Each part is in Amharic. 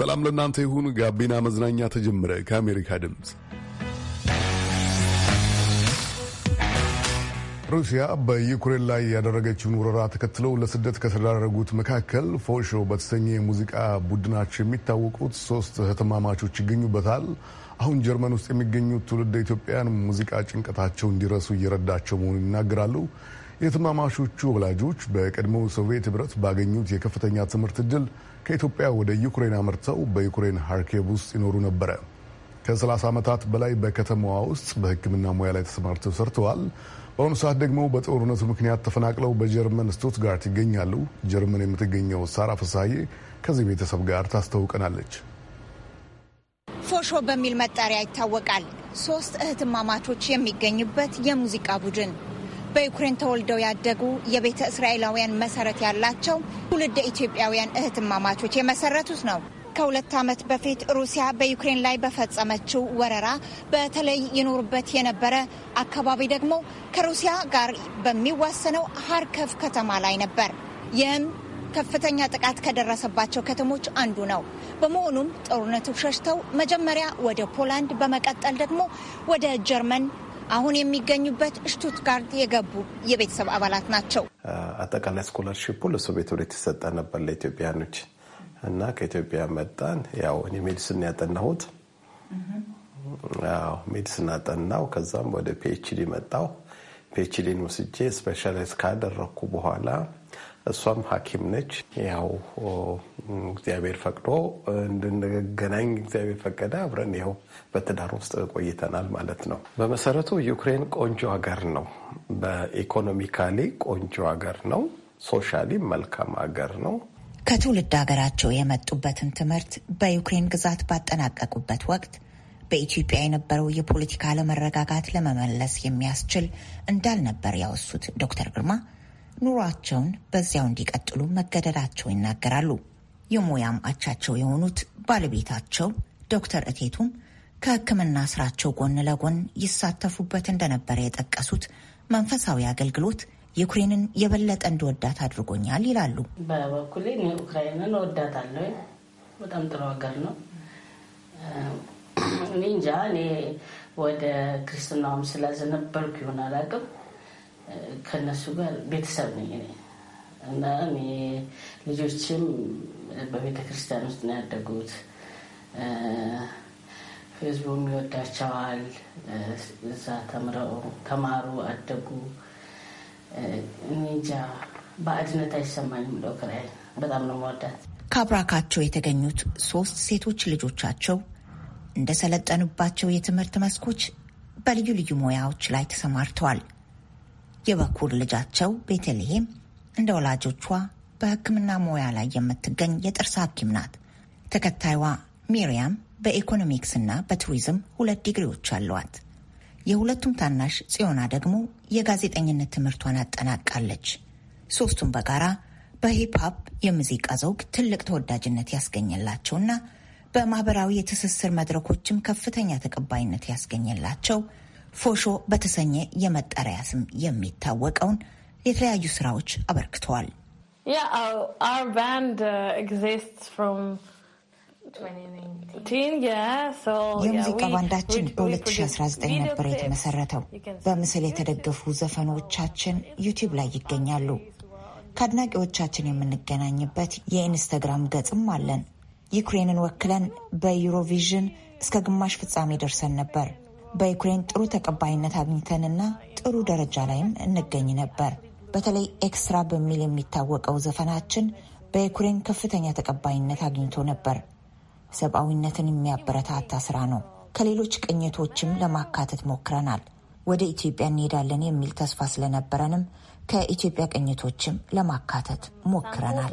ሰላም ለእናንተ ይሁን። ጋቢና መዝናኛ ተጀምረ ከአሜሪካ ድምፅ ሩሲያ በዩክሬን ላይ ያደረገችውን ወረራ ተከትለው ለስደት ከተዳረጉት መካከል ፎሾ በተሰኘ የሙዚቃ ቡድናቸው የሚታወቁት ሶስት ህትማማቾች ይገኙበታል። አሁን ጀርመን ውስጥ የሚገኙት ትውልደ ኢትዮጵያን ሙዚቃ ጭንቀታቸው እንዲረሱ እየረዳቸው መሆኑን ይናገራሉ። የህትማማቾቹ ወላጆች በቀድሞው ሶቪየት ህብረት ባገኙት የከፍተኛ ትምህርት እድል ከኢትዮጵያ ወደ ዩክሬን አምርተው በዩክሬን ሃርኬቭ ውስጥ ይኖሩ ነበረ። ከ30 ዓመታት በላይ በከተማዋ ውስጥ በሕክምና ሙያ ላይ ተሰማርተው ሰርተዋል። በአሁኑ ሰዓት ደግሞ በጦርነቱ ምክንያት ተፈናቅለው በጀርመን ስቱትጋርት ይገኛሉ። ጀርመን የምትገኘው ሳራ ፍሳሐዬ ከዚህ ቤተሰብ ጋር ታስተውቀናለች። ፎሾ በሚል መጠሪያ ይታወቃል። ሶስት እህትማማቾች የሚገኙበት የሙዚቃ ቡድን በዩክሬን ተወልደው ያደጉ የቤተ እስራኤላውያን መሰረት ያላቸው ትውልደ ኢትዮጵያውያን እህትማማቾች የመሰረቱት ነው። ከሁለት ዓመት በፊት ሩሲያ በዩክሬን ላይ በፈጸመችው ወረራ በተለይ ይኖሩበት የነበረ አካባቢ ደግሞ ከሩሲያ ጋር በሚዋሰነው ሀርከፍ ከተማ ላይ ነበር። ይህም ከፍተኛ ጥቃት ከደረሰባቸው ከተሞች አንዱ ነው። በመሆኑም ጦርነቱ ሸሽተው መጀመሪያ ወደ ፖላንድ፣ በመቀጠል ደግሞ ወደ ጀርመን አሁን የሚገኙበት ሽቱትጋርድ የገቡ የቤተሰብ አባላት ናቸው። አጠቃላይ ስኮላርሽፑ ለሱ ቤት ወደ የተሰጠ ነበር ለኢትዮጵያኖች እና ከኢትዮጵያ መጣን። ያው እኔ ሜዲስን ያጠናሁት ሜዲስን አጠናው። ከዛም ወደ ፒኤችዲ መጣው። ፒኤችዲን ወስጄ ስፔሻላይዝ ካደረግኩ በኋላ እሷም ሐኪም ነች ያው እግዚአብሔር ፈቅዶ እንድንገናኝ እግዚአብሔር ፈቀደ። አብረን ይኸው በትዳር ውስጥ ቆይተናል ማለት ነው። በመሰረቱ ዩክሬን ቆንጆ ሀገር ነው። በኢኮኖሚካሊ ቆንጆ ሀገር ነው። ሶሻሊ መልካም ሀገር ነው። ከትውልድ ሀገራቸው የመጡበትን ትምህርት በዩክሬን ግዛት ባጠናቀቁበት ወቅት በኢትዮጵያ የነበረው የፖለቲካ አለመረጋጋት ለመመለስ የሚያስችል እንዳልነበር ያወሱት ዶክተር ግርማ ኑሯቸውን በዚያው እንዲቀጥሉ መገደዳቸው ይናገራሉ። የሙያም አቻቸው የሆኑት ባለቤታቸው ዶክተር እቴቱም ከሕክምና ስራቸው ጎን ለጎን ይሳተፉበት እንደነበረ የጠቀሱት መንፈሳዊ አገልግሎት ዩክሬንን የበለጠ እንድወዳት አድርጎኛል ይላሉ። በበኩሌ እኔ ዩክራይንን እወዳታለሁ። በጣም ጥሩ ሀገር ነው። እኔ እንጃ እኔ ወደ ክርስትናውም ስላዘነበልኩ ይሆን አላውቅም። ከነሱ ጋር ቤተሰብ ነኝ እኔ እና እኔ ልጆችም በቤተ ክርስቲያን ውስጥ ነው ያደጉት። ህዝቡም ይወዳቸዋል። እዛ ተምረው ተማሩ፣ አደጉ። እኔ እንጃ በአድነት አይሰማኝም። ለክራይ በጣም ነው መወዳት። ከአብራካቸው የተገኙት ሶስት ሴቶች ልጆቻቸው እንደሰለጠኑባቸው የትምህርት መስኮች በልዩ ልዩ ሙያዎች ላይ ተሰማርተዋል። የበኩር ልጃቸው ቤተልሔም እንደ ወላጆቿ በሕክምና ሙያ ላይ የምትገኝ የጥርስ ሐኪም ናት። ተከታይዋ ሚሪያም በኢኮኖሚክስ እና በቱሪዝም ሁለት ዲግሪዎች አሏት። የሁለቱም ታናሽ ጽዮና ደግሞ የጋዜጠኝነት ትምህርቷን አጠናቃለች። ሶስቱም በጋራ በሂፕሀፕ የሙዚቃ ዘውግ ትልቅ ተወዳጅነት ያስገኘላቸውና በማህበራዊ የትስስር መድረኮችም ከፍተኛ ተቀባይነት ያስገኘላቸው ፎሾ በተሰኘ የመጠሪያ ስም የሚታወቀውን የተለያዩ ስራዎች አበርክተዋል። uh, የሙዚቃ ባንዳችን በ2019 ነበር የተመሰረተው። በምስል የተደገፉ ዘፈኖቻችን ዩቲዩብ ላይ ይገኛሉ። ከአድናቂዎቻችን የምንገናኝበት የኢንስተግራም ገጽም አለን። ዩክሬንን ወክለን በዩሮቪዥን እስከ ግማሽ ፍጻሜ ደርሰን ነበር። በዩክሬን ጥሩ ተቀባይነት አግኝተንና ጥሩ ደረጃ ላይም እንገኝ ነበር። በተለይ ኤክስትራ በሚል የሚታወቀው ዘፈናችን በዩክሬን ከፍተኛ ተቀባይነት አግኝቶ ነበር። ሰብአዊነትን የሚያበረታታ ስራ ነው። ከሌሎች ቅኝቶችም ለማካተት ሞክረናል። ወደ ኢትዮጵያ እንሄዳለን የሚል ተስፋ ስለነበረንም ከኢትዮጵያ ቅኝቶችም ለማካተት ሞክረናል።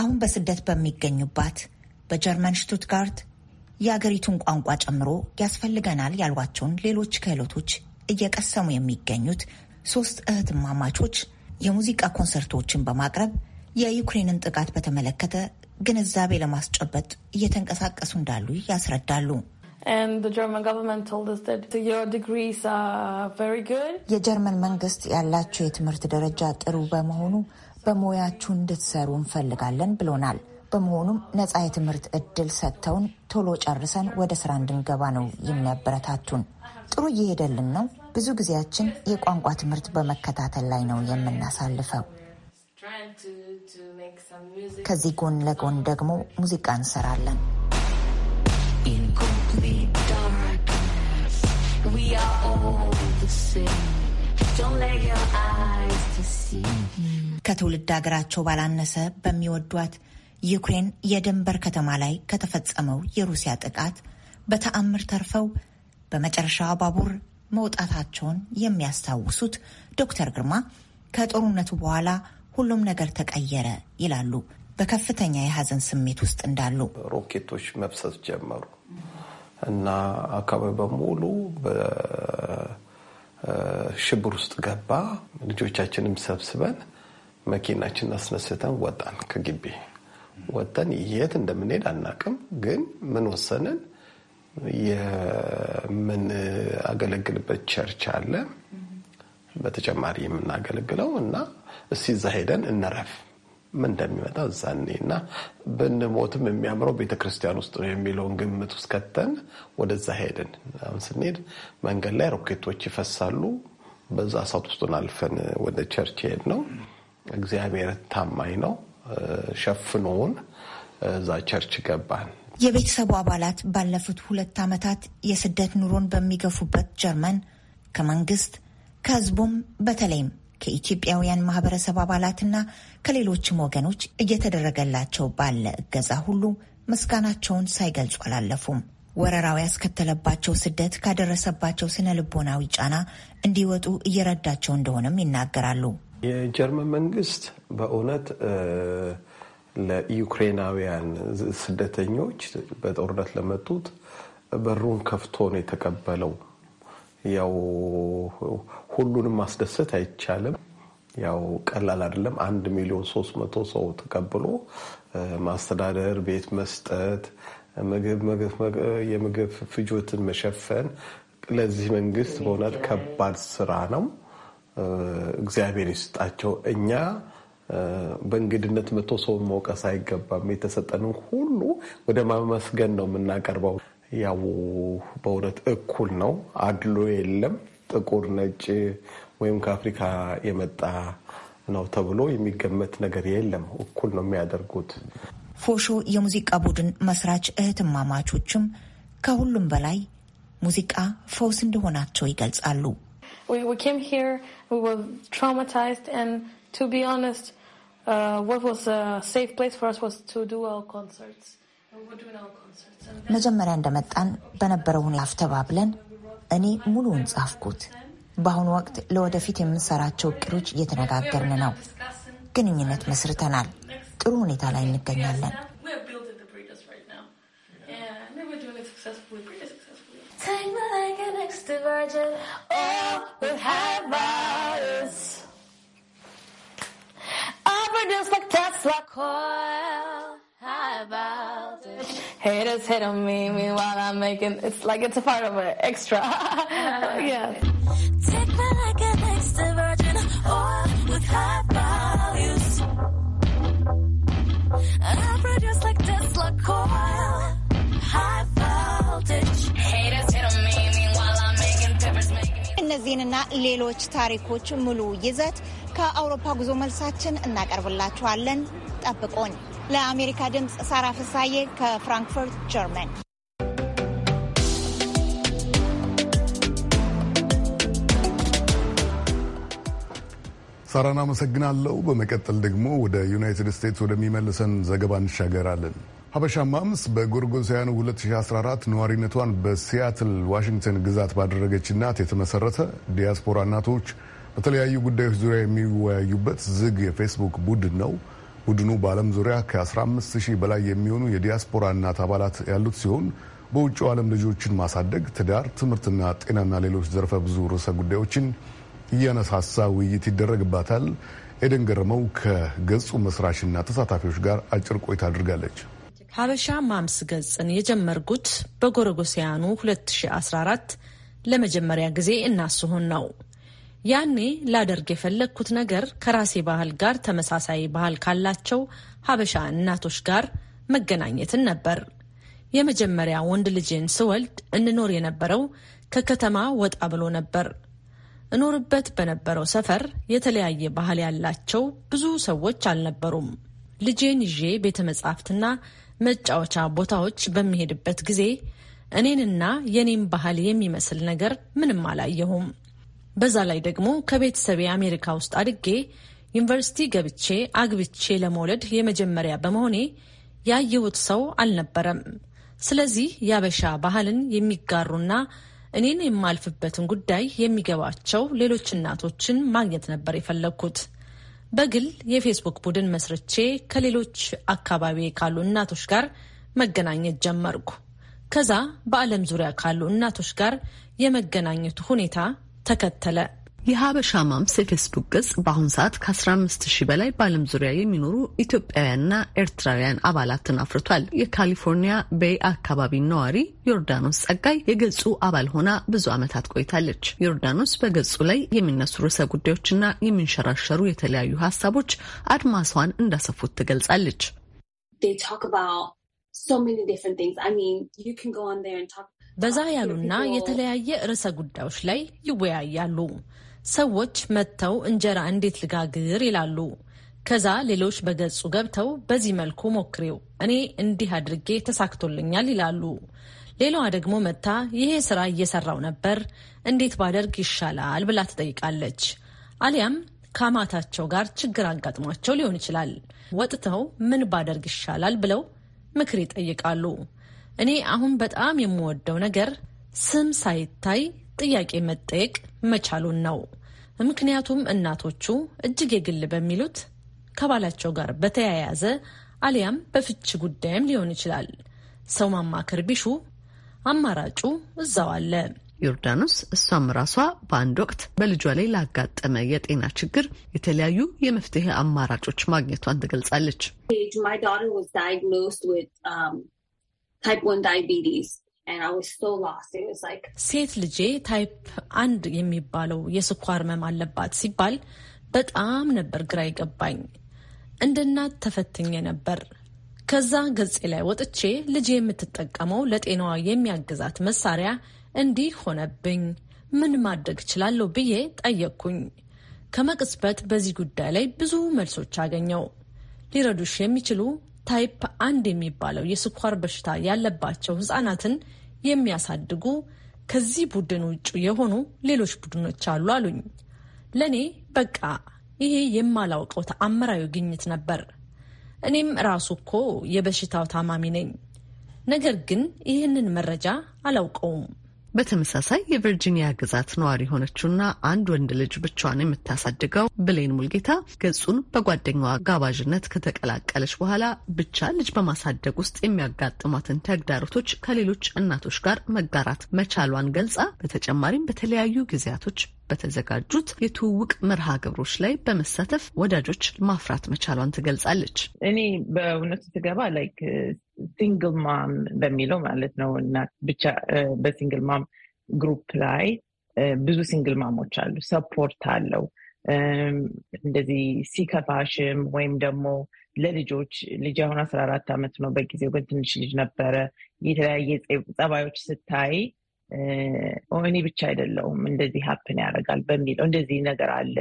አሁን በስደት በሚገኙባት በጀርመን ሽቱትጋርት የአገሪቱን ቋንቋ ጨምሮ ያስፈልገናል ያሏቸውን ሌሎች ክህሎቶች እየቀሰሙ የሚገኙት ሶስት እህትማማቾች የሙዚቃ ኮንሰርቶችን በማቅረብ የዩክሬንን ጥቃት በተመለከተ ግንዛቤ ለማስጨበጥ እየተንቀሳቀሱ እንዳሉ ያስረዳሉ። የጀርመን መንግስት ያላቸው የትምህርት ደረጃ ጥሩ በመሆኑ በሙያችሁ እንድትሰሩ እንፈልጋለን ብሎናል። በመሆኑም ነጻ የትምህርት እድል ሰጥተውን ቶሎ ጨርሰን ወደ ስራ እንድንገባ ነው የሚያበረታቱን። ጥሩ እየሄደልን ነው። ብዙ ጊዜያችን የቋንቋ ትምህርት በመከታተል ላይ ነው የምናሳልፈው። ከዚህ ጎን ለጎን ደግሞ ሙዚቃ እንሰራለን። ከትውልድ ሀገራቸው ባላነሰ በሚወዷት ዩክሬን የድንበር ከተማ ላይ ከተፈጸመው የሩሲያ ጥቃት በተአምር ተርፈው በመጨረሻ ባቡር መውጣታቸውን የሚያስታውሱት ዶክተር ግርማ ከጦርነቱ በኋላ ሁሉም ነገር ተቀየረ ይላሉ። በከፍተኛ የሀዘን ስሜት ውስጥ እንዳሉ ሮኬቶች መብሰስ ጀመሩ እና አካባቢ በሙሉ በሽብር ውስጥ ገባ። ልጆቻችንም ሰብስበን መኪናችን አስነስተን ወጣን ከግቢ ወጥተን የት እንደምንሄድ አናቅም። ግን ምን ወሰንን? የምንገለግልበት ቸርች አለ በተጨማሪ የምናገለግለው እና እስቲ እዛ ሄደን እንረፍ፣ ምን እንደሚመጣ እዛ እኔ እና ብንሞትም የሚያምረው ቤተ ክርስቲያን ውስጥ ነው የሚለውን ግምት ውስጥ ከተን ወደዛ ሄድን። አሁን ስንሄድ መንገድ ላይ ሮኬቶች ይፈሳሉ። በዛ እሳት ውስጡን አልፈን ወደ ቸርች ሄድ ነው። እግዚአብሔር ታማኝ ነው። ሸፍኖን እዛ ቸርች ገባን። የቤተሰቡ አባላት ባለፉት ሁለት ዓመታት የስደት ኑሮን በሚገፉበት ጀርመን ከመንግስት ከህዝቡም በተለይም ከኢትዮጵያውያን ማህበረሰብ አባላትና ከሌሎችም ወገኖች እየተደረገላቸው ባለ እገዛ ሁሉ ምስጋናቸውን ሳይገልጹ አላለፉም። ወረራው ያስከተለባቸው ስደት ካደረሰባቸው ስነ ልቦናዊ ጫና እንዲወጡ እየረዳቸው እንደሆነም ይናገራሉ። የጀርመን መንግስት በእውነት ለዩክሬናውያን ስደተኞች በጦርነት ለመጡት በሩን ከፍቶ ነው የተቀበለው። ያው ሁሉንም ማስደሰት አይቻልም። ያው ቀላል አይደለም። አንድ ሚሊዮን ሶስት መቶ ሰው ተቀብሎ ማስተዳደር፣ ቤት መስጠት፣ የምግብ ፍጆትን መሸፈን ለዚህ መንግስት በእውነት ከባድ ስራ ነው። እግዚአብሔር ይስጣቸው። እኛ በእንግድነት መቶ ሰውን መውቀስ አይገባም። የተሰጠንን ሁሉ ወደ ማመስገን ነው የምናቀርበው። ያው በእውነት እኩል ነው፣ አድሎ የለም። ጥቁር ነጭ፣ ወይም ከአፍሪካ የመጣ ነው ተብሎ የሚገመት ነገር የለም። እኩል ነው የሚያደርጉት። ፎሾ የሙዚቃ ቡድን መስራች እህትማማቾችም ከሁሉም በላይ ሙዚቃ ፈውስ እንደሆናቸው ይገልጻሉ። we, we came here, we were traumatized, and to be honest, uh, what was a safe place for us was to do our concerts. መጀመሪያ እንደመጣን በነበረውን ላፍ ተባብለን እኔ ሙሉውን ጻፍኩት። በአሁኑ ወቅት ለወደፊት የምንሰራቸው እቅዶች እየተነጋገርን ነው። ግንኙነት መስርተናል። ጥሩ ሁኔታ ላይ እንገኛለን። next to Virgin all will have us. All produced like Tesla coil, high voltage. Haters hit on me, meanwhile I'm making, it's like it's a part of it. extra. Uh, yeah. Take me like an extra virgin oh, with high values. Uh, የእነዚህንና ሌሎች ታሪኮች ሙሉ ይዘት ከአውሮፓ ጉዞ መልሳችን እናቀርብላችኋለን። ጠብቆን። ለአሜሪካ ድምፅ ሳራ ፍሳዬ ከፍራንክፉርት ጀርመን። ሳራን አመሰግናለሁ። በመቀጠል ደግሞ ወደ ዩናይትድ ስቴትስ ወደሚመልሰን ዘገባ እንሻገራለን። ሀበሻ ማምስ በጎርጎሳውያኑ 2014 ነዋሪነቷን በሲያትል ዋሽንግተን ግዛት ባደረገች እናት የተመሰረተ ዲያስፖራ እናቶች በተለያዩ ጉዳዮች ዙሪያ የሚወያዩበት ዝግ የፌስቡክ ቡድን ነው። ቡድኑ በዓለም ዙሪያ ከ15 ሺህ በላይ የሚሆኑ የዲያስፖራ እናት አባላት ያሉት ሲሆን በውጭው ዓለም ልጆችን ማሳደግ፣ ትዳር፣ ትምህርትና ጤናና ሌሎች ዘርፈ ብዙ ርዕሰ ጉዳዮችን እያነሳሳ ውይይት ይደረግባታል። ኤደን ገረመው ከገጹ መስራችና ተሳታፊዎች ጋር አጭር ቆይታ አድርጋለች። ሀበሻ ማምስ ገጽን የጀመርኩት በጎረጎሲያኑ 2014 ለመጀመሪያ ጊዜ እናስሆን ነው። ያኔ ላደርግ የፈለግኩት ነገር ከራሴ ባህል ጋር ተመሳሳይ ባህል ካላቸው ሀበሻ እናቶች ጋር መገናኘትን ነበር። የመጀመሪያ ወንድ ልጄን ስወልድ እንኖር የነበረው ከከተማ ወጣ ብሎ ነበር። እኖርበት በነበረው ሰፈር የተለያየ ባህል ያላቸው ብዙ ሰዎች አልነበሩም። ልጄን ይዤ ቤተ መጻሕፍትና መጫወቻ ቦታዎች በሚሄድበት ጊዜ እኔንና የኔም ባህል የሚመስል ነገር ምንም አላየሁም። በዛ ላይ ደግሞ ከቤተሰቤ አሜሪካ ውስጥ አድጌ ዩኒቨርሲቲ ገብቼ አግብቼ ለመውለድ የመጀመሪያ በመሆኔ ያየሁት ሰው አልነበረም። ስለዚህ ያበሻ ባህልን የሚጋሩና እኔን የማልፍበትን ጉዳይ የሚገባቸው ሌሎች እናቶችን ማግኘት ነበር የፈለግኩት። በግል የፌስቡክ ቡድን መስርቼ ከሌሎች አካባቢ ካሉ እናቶች ጋር መገናኘት ጀመርኩ። ከዛ በዓለም ዙሪያ ካሉ እናቶች ጋር የመገናኘቱ ሁኔታ ተከተለ። የሀበሻ ማምስ የፌስቡክ ገጽ በአሁኑ ሰዓት ከ15 ሺህ በላይ በዓለም ዙሪያ የሚኖሩ ኢትዮጵያውያንና ኤርትራውያን አባላትን አፍርቷል። የካሊፎርኒያ ቤይ አካባቢ ነዋሪ ዮርዳኖስ ጸጋይ የገጹ አባል ሆና ብዙ ዓመታት ቆይታለች። ዮርዳኖስ በገጹ ላይ የሚነሱ ርዕሰ ጉዳዮችና የሚንሸራሸሩ የተለያዩ ሀሳቦች አድማስዋን እንዳሰፉት ትገልጻለች። በዛ ያሉና የተለያየ ርዕሰ ጉዳዮች ላይ ይወያያሉ። ሰዎች መጥተው እንጀራ እንዴት ልጋግር ይላሉ። ከዛ ሌሎች በገጹ ገብተው በዚህ መልኩ ሞክሬው እኔ እንዲህ አድርጌ ተሳክቶልኛል ይላሉ። ሌላዋ ደግሞ መጥታ ይሄ ስራ እየሰራው ነበር፣ እንዴት ባደርግ ይሻላል ብላ ትጠይቃለች። አሊያም ከአማታቸው ጋር ችግር አጋጥሟቸው ሊሆን ይችላል። ወጥተው ምን ባደርግ ይሻላል ብለው ምክር ይጠይቃሉ። እኔ አሁን በጣም የምወደው ነገር ስም ሳይታይ ጥያቄ መጠየቅ መቻሉን ነው። ምክንያቱም እናቶቹ እጅግ የግል በሚሉት ከባላቸው ጋር በተያያዘ አሊያም በፍች ጉዳይም ሊሆን ይችላል ሰው ማማከር ቢሹ አማራጩ እዛው አለ። ዮርዳኖስ እሷም ራሷ በአንድ ወቅት በልጇ ላይ ላጋጠመ የጤና ችግር የተለያዩ የመፍትሄ አማራጮች ማግኘቷን ትገልጻለች። ሴት ልጄ ታይፕ አንድ የሚባለው የስኳር ህመም አለባት ሲባል በጣም ነበር ግራ ይገባኝ። እንደ እናት ተፈትኜ ነበር። ከዛ ገጼ ላይ ወጥቼ ልጄ የምትጠቀመው ለጤናዋ የሚያግዛት መሳሪያ እንዲህ ሆነብኝ፣ ምን ማድረግ እችላለሁ ብዬ ጠየቅኩኝ። ከመቅጽበት በዚህ ጉዳይ ላይ ብዙ መልሶች አገኘው። ሊረዱሽ የሚችሉ ታይፕ አንድ የሚባለው የስኳር በሽታ ያለባቸው ህጻናትን የሚያሳድጉ ከዚህ ቡድን ውጭ የሆኑ ሌሎች ቡድኖች አሉ አሉኝ። ለእኔ በቃ ይሄ የማላውቀው ተአምራዊ ግኝት ነበር። እኔም ራሱ እኮ የበሽታው ታማሚ ነኝ፣ ነገር ግን ይህንን መረጃ አላውቀውም። በተመሳሳይ የቨርጂኒያ ግዛት ነዋሪ የሆነችውና አንድ ወንድ ልጅ ብቻዋን የምታሳድገው ብሌን ሙልጌታ ገጹን በጓደኛዋ ጋባዥነት ከተቀላቀለች በኋላ ብቻ ልጅ በማሳደግ ውስጥ የሚያጋጥሟትን ተግዳሮቶች ከሌሎች እናቶች ጋር መጋራት መቻሏን ገልጻ በተጨማሪም በተለያዩ ጊዜያቶች በተዘጋጁት የትውውቅ መርሃ ግብሮች ላይ በመሳተፍ ወዳጆች ማፍራት መቻሏን ትገልጻለች። እኔ በእውነቱ ስገባ ላይክ ሲንግል ማም በሚለው ማለት ነው እና ብቻ በሲንግል ማም ግሩፕ ላይ ብዙ ሲንግል ማሞች አሉ። ሰፖርት አለው እንደዚህ ሲከፋሽም ወይም ደግሞ ለልጆች ልጅ አሁን አስራ አራት ዓመት ነው። በጊዜው ግን ትንሽ ልጅ ነበረ። የተለያየ ጸባዮች ስታይ እኔ ብቻ አይደለውም እንደዚህ ሀፕን ያደርጋል በሚለው እንደዚህ ነገር አለ።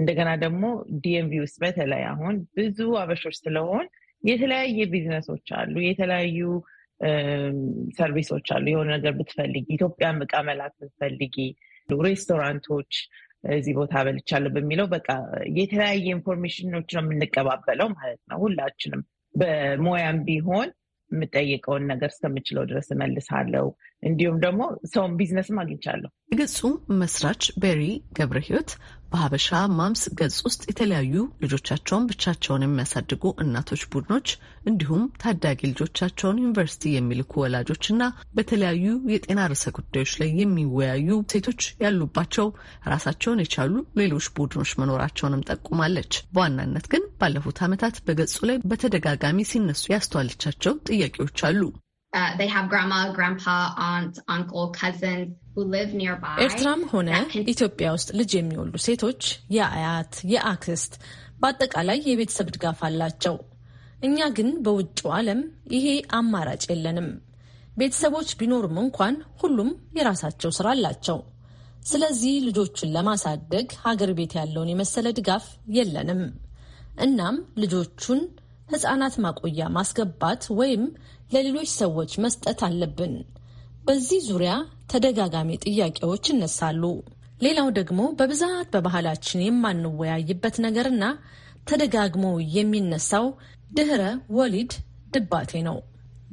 እንደገና ደግሞ ዲኤምቪ ውስጥ በተለይ አሁን ብዙ አበሾች ስለሆን የተለያየ ቢዝነሶች አሉ፣ የተለያዩ ሰርቪሶች አሉ። የሆነ ነገር ብትፈልጊ ኢትዮጵያ እቃ መላክ ብትፈልጊ ሬስቶራንቶች እዚህ ቦታ በልቻለሁ በሚለው በቃ የተለያየ ኢንፎርሜሽኖች ነው የምንቀባበለው ማለት ነው። ሁላችንም በሙያም ቢሆን የምጠይቀውን ነገር እስከምችለው ድረስ እመልሳለሁ። እንዲሁም ደግሞ ሰውን ቢዝነስም አግኝቻለሁ። የገጹ መስራች ቤሪ ገብረ ህይወት በሀበሻ ማምስ ገጽ ውስጥ የተለያዩ ልጆቻቸውን ብቻቸውን የሚያሳድጉ እናቶች ቡድኖች እንዲሁም ታዳጊ ልጆቻቸውን ዩኒቨርሲቲ የሚልኩ ወላጆች እና በተለያዩ የጤና ርዕሰ ጉዳዮች ላይ የሚወያዩ ሴቶች ያሉባቸው ራሳቸውን የቻሉ ሌሎች ቡድኖች መኖራቸውንም ጠቁማለች። በዋናነት ግን ባለፉት ዓመታት በገጹ ላይ በተደጋጋሚ ሲነሱ ያስተዋለቻቸው ጥያቄዎች አሉ። Uh, ኤርትራም ሆነ ኢትዮጵያ ውስጥ ልጅ የሚወልዱ ሴቶች የአያት የአክስት በአጠቃላይ የቤተሰብ ድጋፍ አላቸው። እኛ ግን በውጭው ዓለም ይሄ አማራጭ የለንም። ቤተሰቦች ቢኖሩም እንኳን ሁሉም የራሳቸው ስራ አላቸው። ስለዚህ ልጆችን ለማሳደግ ሀገር ቤት ያለውን የመሰለ ድጋፍ የለንም። እናም ልጆቹን ሕፃናት ማቆያ ማስገባት ወይም ለሌሎች ሰዎች መስጠት አለብን። በዚህ ዙሪያ ተደጋጋሚ ጥያቄዎች ይነሳሉ። ሌላው ደግሞ በብዛት በባህላችን የማንወያይበት ነገርና ተደጋግሞ የሚነሳው ድህረ ወሊድ ድባቴ ነው።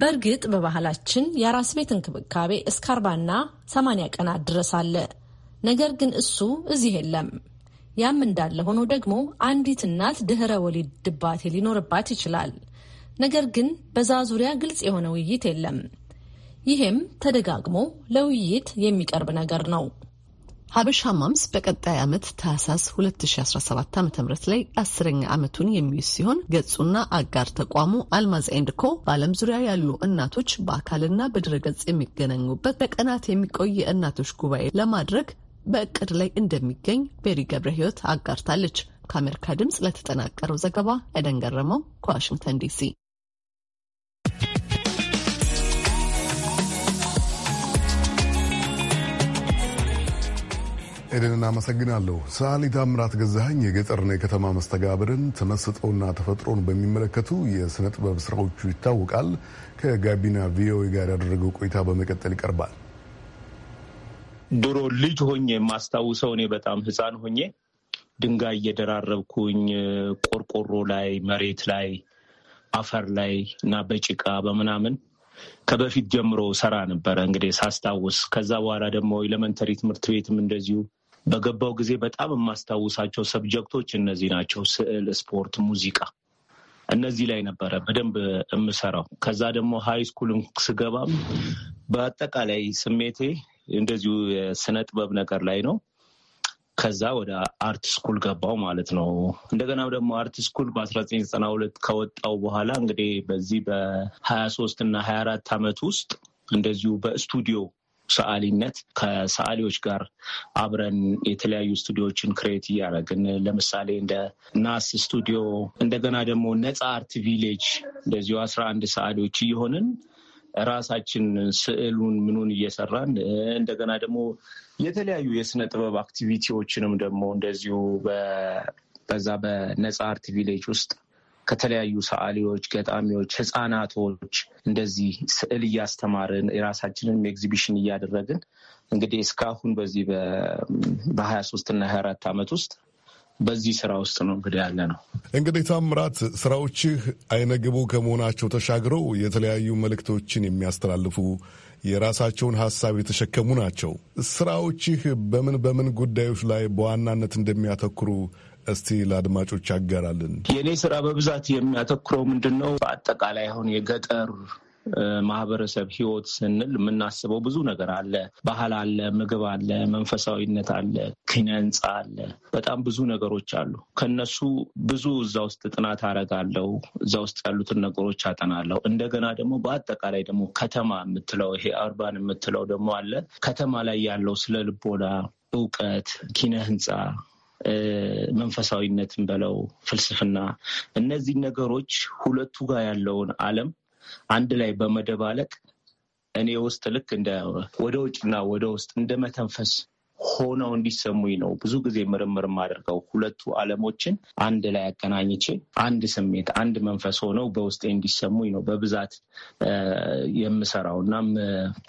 በእርግጥ በባህላችን የአራስ ቤት እንክብካቤ እስከ አርባና ሰማንያ ቀናት ድረስ አለ። ነገር ግን እሱ እዚህ የለም። ያም እንዳለ ሆኖ ደግሞ አንዲት እናት ድህረ ወሊድ ድባቴ ሊኖርባት ይችላል። ነገር ግን በዛ ዙሪያ ግልጽ የሆነ ውይይት የለም። ይህም ተደጋግሞ ለውይይት የሚቀርብ ነገር ነው። ሀበሻ ማምስ በቀጣይ ዓመት ታህሳስ 2017 ዓ ም ላይ አስረኛ ዓመቱን የሚይዝ ሲሆን ገጹና አጋር ተቋሙ አልማዝ ኤንድ ኮ በዓለም ዙሪያ ያሉ እናቶች በአካልና በድረገጽ የሚገናኙበት በቀናት የሚቆይ የእናቶች ጉባኤ ለማድረግ በእቅድ ላይ እንደሚገኝ ቤሪ ገብረ ሕይወት አጋርታለች። ከአሜሪካ ድምፅ ለተጠናቀረው ዘገባ ኤደን ከዋሽንግተን ዲሲ ኤደን እናመሰግናለሁ። ሰዓሊ ታምራት ገዛኸኝ የገጠርና የከተማ መስተጋብርን ተመስጠውና ተፈጥሮን በሚመለከቱ የሥነ ጥበብ ስራዎቹ ይታወቃል። ከጋቢና ቪኦኤ ጋር ያደረገው ቆይታ በመቀጠል ይቀርባል። ድሮ ልጅ ሆኜ የማስታውሰው እኔ በጣም ህፃን ሆኜ ድንጋይ እየደራረብኩኝ ቆርቆሮ ላይ፣ መሬት ላይ፣ አፈር ላይ እና በጭቃ በምናምን ከበፊት ጀምሮ ሰራ ነበረ እንግዲህ ሳስታውስ። ከዛ በኋላ ደግሞ ኤሌመንተሪ ትምህርት ቤትም እንደዚሁ በገባው ጊዜ በጣም የማስታውሳቸው ሰብጀክቶች እነዚህ ናቸው። ስዕል፣ ስፖርት፣ ሙዚቃ እነዚህ ላይ ነበረ በደንብ የምሰራው። ከዛ ደግሞ ሀይ ስኩልን ስገባም በአጠቃላይ ስሜቴ እንደዚሁ የስነ ጥበብ ነገር ላይ ነው። ከዛ ወደ አርት ስኩል ገባው ማለት ነው። እንደገና ደግሞ አርት ስኩል በ1992 ከወጣው በኋላ እንግዲህ በዚህ በ23 እና 24 ዓመት ውስጥ እንደዚሁ በስቱዲዮ ሰዓሊነት ከሰዓሊዎች ጋር አብረን የተለያዩ ስቱዲዮዎችን ክሬት እያደረግን ለምሳሌ እንደ ናስ ስቱዲዮ እንደገና ደግሞ ነፃ አርት ቪሌጅ እንደዚሁ አስራ አንድ ሰዓሊዎች እየሆንን ራሳችን ስዕሉን ምኑን እየሰራን እንደገና ደግሞ የተለያዩ የስነ ጥበብ አክቲቪቲዎችንም ደግሞ እንደዚሁ በዛ በነፃ አርት ቪሌጅ ውስጥ ከተለያዩ ሰዓሊዎች፣ ገጣሚዎች፣ ህፃናቶች እንደዚህ ስዕል እያስተማርን የራሳችንን ኤግዚቢሽን እያደረግን እንግዲህ እስካሁን በዚህ በሀያ ሶስት እና ሀያ አራት ዓመት ውስጥ በዚህ ስራ ውስጥ ነው እንግዲህ ያለ ነው። እንግዲህ ታምራት፣ ስራዎችህ አይነግቡ ከመሆናቸው ተሻግረው የተለያዩ መልእክቶችን የሚያስተላልፉ የራሳቸውን ሀሳብ የተሸከሙ ናቸው። ስራዎችህ በምን በምን ጉዳዮች ላይ በዋናነት እንደሚያተኩሩ እስቲ ለአድማጮች ያጋራልን። የእኔ ስራ በብዛት የሚያተኩረው ምንድን ነው? በአጠቃላይ አሁን የገጠር ማህበረሰብ ህይወት ስንል የምናስበው ብዙ ነገር አለ። ባህል አለ፣ ምግብ አለ፣ መንፈሳዊነት አለ፣ ኪነ ህንፃ አለ። በጣም ብዙ ነገሮች አሉ። ከነሱ ብዙ እዛ ውስጥ ጥናት አረጋለው። እዛ ውስጥ ያሉትን ነገሮች አጠናለው። እንደገና ደግሞ በአጠቃላይ ደግሞ ከተማ የምትለው ይሄ አርባን የምትለው ደግሞ አለ። ከተማ ላይ ያለው ስለ ልቦና እውቀት፣ ኪነ ህንፃ መንፈሳዊነትን በለው ፍልስፍና፣ እነዚህ ነገሮች ሁለቱ ጋር ያለውን ዓለም አንድ ላይ በመደባለቅ እኔ ውስጥ ልክ እንደ ወደ ውጭና ወደ ውስጥ እንደ መተንፈስ ሆነው እንዲሰሙኝ ነው ብዙ ጊዜ ምርምር የማደርገው። ሁለቱ ዓለሞችን አንድ ላይ አገናኝቼ አንድ ስሜት፣ አንድ መንፈስ ሆነው በውስጤ እንዲሰሙኝ ነው በብዛት የምሰራው። እናም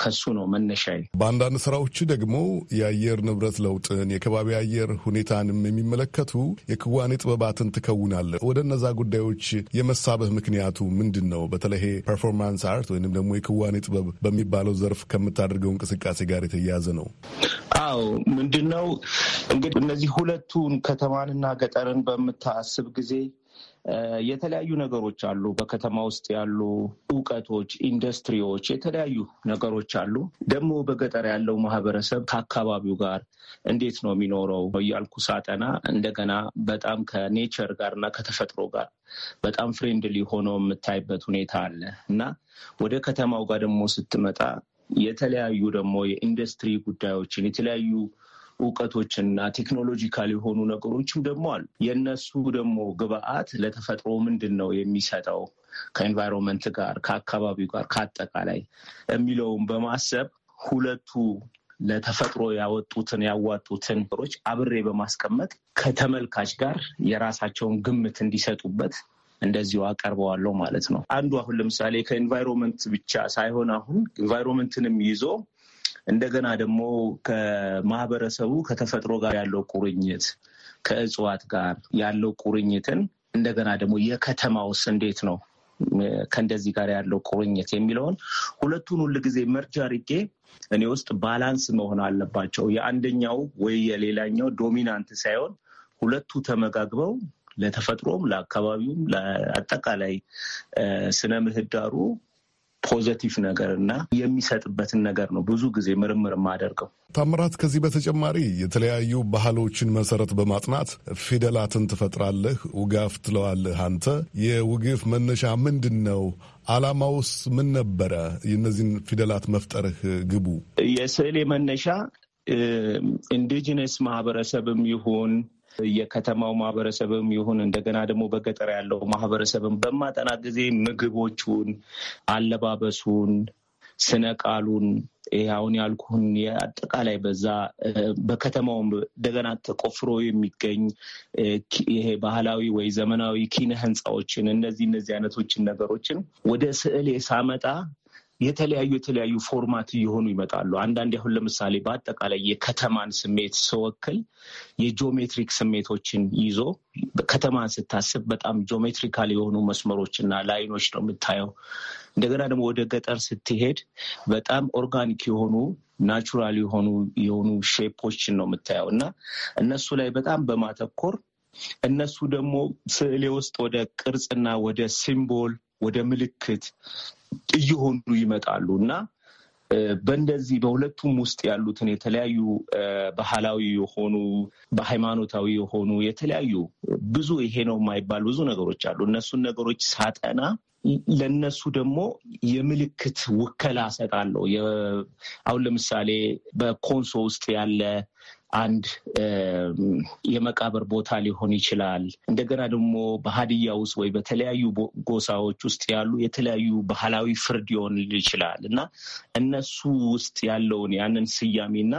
ከሱ ነው መነሻዬ። በአንዳንድ ስራዎች ደግሞ የአየር ንብረት ለውጥን፣ የከባቢ አየር ሁኔታንም የሚመለከቱ የክዋኔ ጥበባትን ትከውናለህ። ወደ እነዛ ጉዳዮች የመሳበህ ምክንያቱ ምንድን ነው? በተለይ ፐርፎርማንስ አርት ወይንም ደግሞ የክዋኔ ጥበብ በሚባለው ዘርፍ ከምታደርገው እንቅስቃሴ ጋር የተያያዘ ነው? አዎ ምንድን ነው እንግዲህ እነዚህ ሁለቱን ከተማንና ገጠርን በምታስብ ጊዜ የተለያዩ ነገሮች አሉ። በከተማ ውስጥ ያሉ እውቀቶች፣ ኢንዱስትሪዎች፣ የተለያዩ ነገሮች አሉ። ደግሞ በገጠር ያለው ማህበረሰብ ከአካባቢው ጋር እንዴት ነው የሚኖረው እያልኩ ሳጠና እንደገና በጣም ከኔቸር ጋር እና ከተፈጥሮ ጋር በጣም ፍሬንድሊ ሆኖ የምታይበት ሁኔታ አለ እና ወደ ከተማው ጋር ደግሞ ስትመጣ የተለያዩ ደግሞ የኢንዱስትሪ ጉዳዮችን የተለያዩ እውቀቶችና ቴክኖሎጂካል የሆኑ ነገሮችም ደግሞ አሉ። የእነሱ ደግሞ ግብአት ለተፈጥሮ ምንድን ነው የሚሰጠው ከኤንቫይሮንመንት ጋር ከአካባቢው ጋር ከአጠቃላይ የሚለውን በማሰብ ሁለቱ ለተፈጥሮ ያወጡትን ያዋጡትን ሮች አብሬ በማስቀመጥ ከተመልካች ጋር የራሳቸውን ግምት እንዲሰጡበት እንደዚሁ አቀርበዋለሁ ማለት ነው። አንዱ አሁን ለምሳሌ ከኤንቫይሮንመንት ብቻ ሳይሆን አሁን ኤንቫይሮንመንትንም ይዞ እንደገና ደግሞ ከማህበረሰቡ ከተፈጥሮ ጋር ያለው ቁርኝት ከእጽዋት ጋር ያለው ቁርኝትን እንደገና ደግሞ የከተማ ውስጥ እንዴት ነው ከእንደዚህ ጋር ያለው ቁርኝት የሚለውን ሁለቱን ሁል ጊዜ መርጅ አድርጌ እኔ ውስጥ ባላንስ መሆን አለባቸው። የአንደኛው ወይ የሌላኛው ዶሚናንት ሳይሆን ሁለቱ ተመጋግበው ለተፈጥሮም፣ ለአካባቢውም፣ ለአጠቃላይ ስነ ምህዳሩ ፖዘቲቭ ነገር እና የሚሰጥበትን ነገር ነው ብዙ ጊዜ ምርምር የማደርገው። ታምራት፣ ከዚህ በተጨማሪ የተለያዩ ባህሎችን መሰረት በማጥናት ፊደላትን ትፈጥራለህ። ውጋፍ ትለዋለህ አንተ። የውግፍ መነሻ ምንድን ነው? አላማውስ ምን ነበረ? የእነዚህን ፊደላት መፍጠርህ ግቡ? የስዕል መነሻ ኢንዲጂነስ ማህበረሰብም ይሁን የከተማው ማህበረሰብም ይሁን እንደገና ደግሞ በገጠር ያለው ማህበረሰብም በማጠና ጊዜ ምግቦቹን፣ አለባበሱን፣ ስነ ቃሉን ይህ አሁን ያልኩህን የአጠቃላይ በዛ በከተማውም እንደገና ተቆፍሮ የሚገኝ ይሄ ባህላዊ ወይ ዘመናዊ ኪነ ህንፃዎችን እነዚህ እነዚህ አይነቶችን ነገሮችን ወደ ስዕል ሳመጣ የተለያዩ የተለያዩ ፎርማት እየሆኑ ይመጣሉ። አንዳንድ አሁን ለምሳሌ በአጠቃላይ የከተማን ስሜት ስወክል የጂኦሜትሪክ ስሜቶችን ይዞ ከተማን ስታስብ በጣም ጂኦሜትሪካል የሆኑ መስመሮች እና ላይኖች ነው የምታየው። እንደገና ደግሞ ወደ ገጠር ስትሄድ በጣም ኦርጋኒክ የሆኑ ናቹራል የሆኑ የሆኑ ሼፖችን ነው የምታየው እና እነሱ ላይ በጣም በማተኮር እነሱ ደግሞ ስዕሌ ውስጥ ወደ ቅርጽና ወደ ሲምቦል ወደ ምልክት እየሆኑ ይመጣሉ እና በእንደዚህ በሁለቱም ውስጥ ያሉትን የተለያዩ ባህላዊ የሆኑ በሃይማኖታዊ የሆኑ የተለያዩ ብዙ ይሄ ነው የማይባል ብዙ ነገሮች አሉ። እነሱን ነገሮች ሳጠና ለነሱ ደግሞ የምልክት ውከላ እሰጣለሁ። አሁን ለምሳሌ በኮንሶ ውስጥ ያለ አንድ የመቃብር ቦታ ሊሆን ይችላል። እንደገና ደግሞ በሀዲያ ውስጥ ወይ በተለያዩ ጎሳዎች ውስጥ ያሉ የተለያዩ ባህላዊ ፍርድ ሊሆን ይችላል እና እነሱ ውስጥ ያለውን ያንን ስያሜና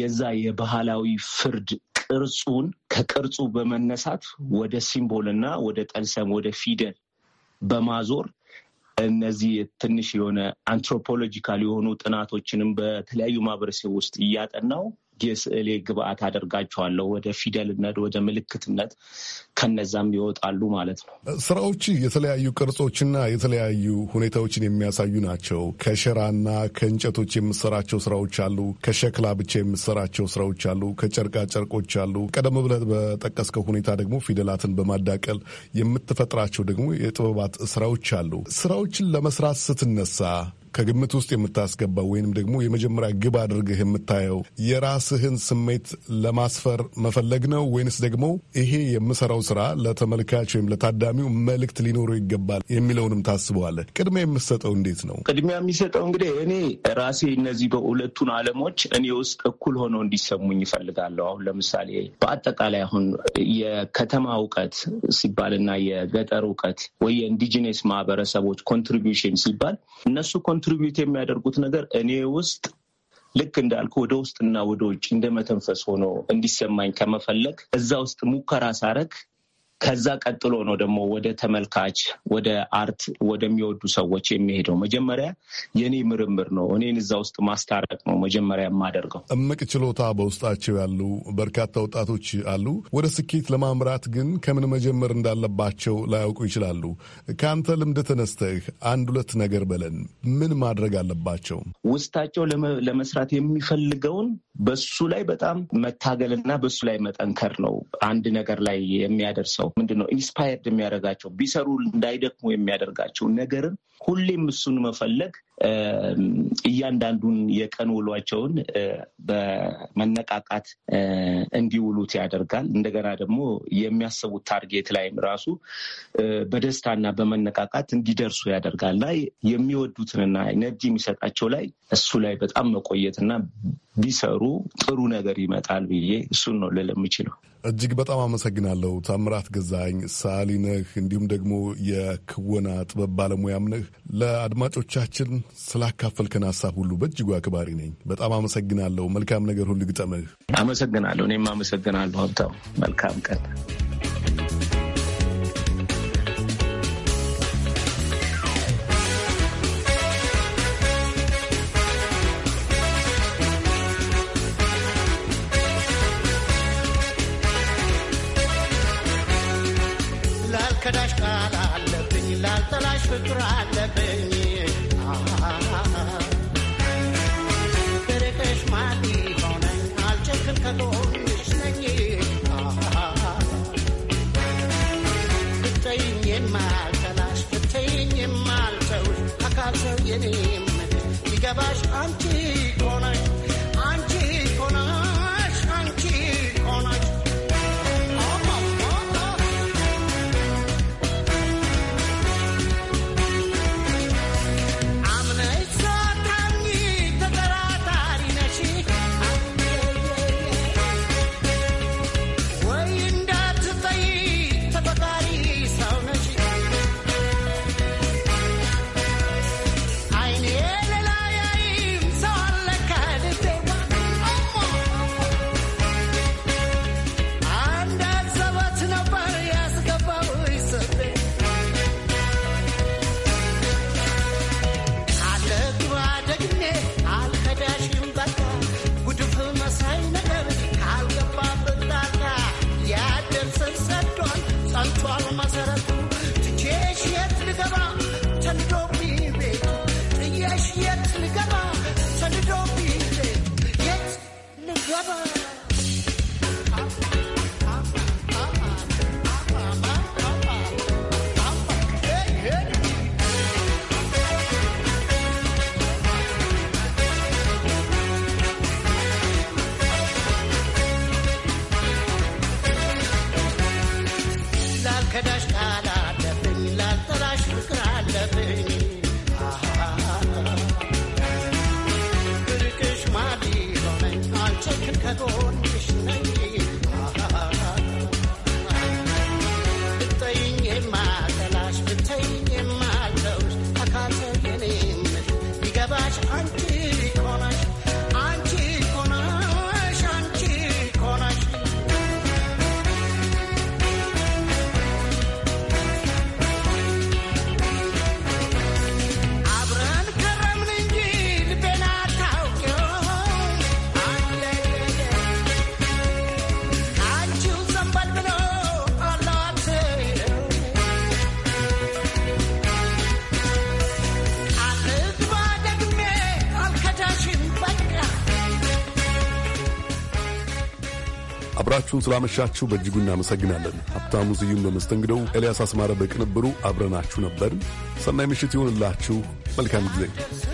የዛ የባህላዊ ፍርድ ቅርጹን ከቅርጹ በመነሳት ወደ ሲምቦልና ወደ ጠልሰም ወደ ፊደል በማዞር እነዚህ ትንሽ የሆነ አንትሮፖሎጂካል የሆኑ ጥናቶችንም በተለያዩ ማህበረሰብ ውስጥ እያጠናው የስዕሌ ግብአት አደርጋቸዋለሁ ወደ ፊደልነት ወደ ምልክትነት ከነዛም ይወጣሉ ማለት ነው። ስራዎች የተለያዩ ቅርጾችና የተለያዩ ሁኔታዎችን የሚያሳዩ ናቸው። ከሸራና ከእንጨቶች የምሰራቸው ስራዎች አሉ። ከሸክላ ብቻ የምሰራቸው ስራዎች አሉ። ከጨርቃ ጨርቆች አሉ። ቀደም ብለህ በጠቀስከው ሁኔታ ደግሞ ፊደላትን በማዳቀል የምትፈጥራቸው ደግሞ የጥበባት ስራዎች አሉ። ስራዎችን ለመስራት ስትነሳ ከግምት ውስጥ የምታስገባው ወይንም ደግሞ የመጀመሪያ ግብ አድርገህ የምታየው የራስህን ስሜት ለማስፈር መፈለግ ነው ወይንስ ደግሞ ይሄ የምሰራው ስራ ለተመልካች ወይም ለታዳሚው መልእክት ሊኖረው ይገባል የሚለውንም ታስበዋለህ? ቅድሚያ የምሰጠው እንዴት ነው? ቅድሚያ የሚሰጠው እንግዲህ እኔ ራሴ እነዚህ በሁለቱን አለሞች እኔ ውስጥ እኩል ሆኖ እንዲሰሙኝ ይፈልጋለሁ። አሁን ለምሳሌ በአጠቃላይ አሁን የከተማ እውቀት ሲባል የገጠር እውቀት ወይ የኢንዲጂነስ ማህበረሰቦች ኮንትሪቢሽን ሲባል እነሱ ኮንትሪቢዩት የሚያደርጉት ነገር እኔ ውስጥ ልክ እንዳልኩ ወደ ውስጥና ወደ ውጭ እንደመተንፈስ ሆኖ እንዲሰማኝ ከመፈለግ እዛ ውስጥ ሙከራ ሳረግ ከዛ ቀጥሎ ነው ደግሞ ወደ ተመልካች ወደ አርት ወደሚወዱ ሰዎች የሚሄደው። መጀመሪያ የኔ ምርምር ነው። እኔን እዛ ውስጥ ማስታረቅ ነው መጀመሪያ የማደርገው። እምቅ ችሎታ በውስጣቸው ያሉ በርካታ ወጣቶች አሉ። ወደ ስኬት ለማምራት ግን ከምን መጀመር እንዳለባቸው ላያውቁ ይችላሉ። ከአንተ ልምድ ተነስተህ አንድ ሁለት ነገር በለን። ምን ማድረግ አለባቸው? ውስጣቸው ለመስራት የሚፈልገውን በሱ ላይ በጣም መታገልና በሱ ላይ መጠንከር ነው አንድ ነገር ላይ የሚያደርሰው ምንድነው ኢንስፓየርድ የሚያደርጋቸው ቢሰሩ እንዳይደክሙ የሚያደርጋቸው ነገርን ሁሌም እሱን መፈለግ እያንዳንዱን የቀን ውሏቸውን በመነቃቃት እንዲውሉት ያደርጋል። እንደገና ደግሞ የሚያስቡት ታርጌት ላይም ራሱ በደስታና በመነቃቃት እንዲደርሱ ያደርጋል። ላይ የሚወዱትንና ኤነርጂ የሚሰጣቸው ላይ እሱ ላይ በጣም መቆየትና ቢሰሩ ጥሩ ነገር ይመጣል ብዬ እሱን ነው ልል የምችለው። እጅግ በጣም አመሰግናለሁ። ታምራት ገዛኝ ሳሊ ነህ፣ እንዲሁም ደግሞ የክወና ጥበብ ባለሙያም ነህ። ለአድማጮቻችን ስላካፈልከን ሀሳብ ሁሉ በእጅጉ አክባሪ ነኝ። በጣም አመሰግናለሁ። መልካም ነገር ሁሉ ግጠምህ። አመሰግናለሁ። እኔም አመሰግናለሁ ሀብታው። መልካም ቀን አብራችሁን ስላመሻችሁ በእጅጉ እናመሰግናለን። ሀብታሙ ስዩም በመስተንግደው፣ ኤልያስ አስማረ በቅንብሩ አብረናችሁ ነበርን። ሰናይ ምሽት ይሆንላችሁ። መልካም ጊዜ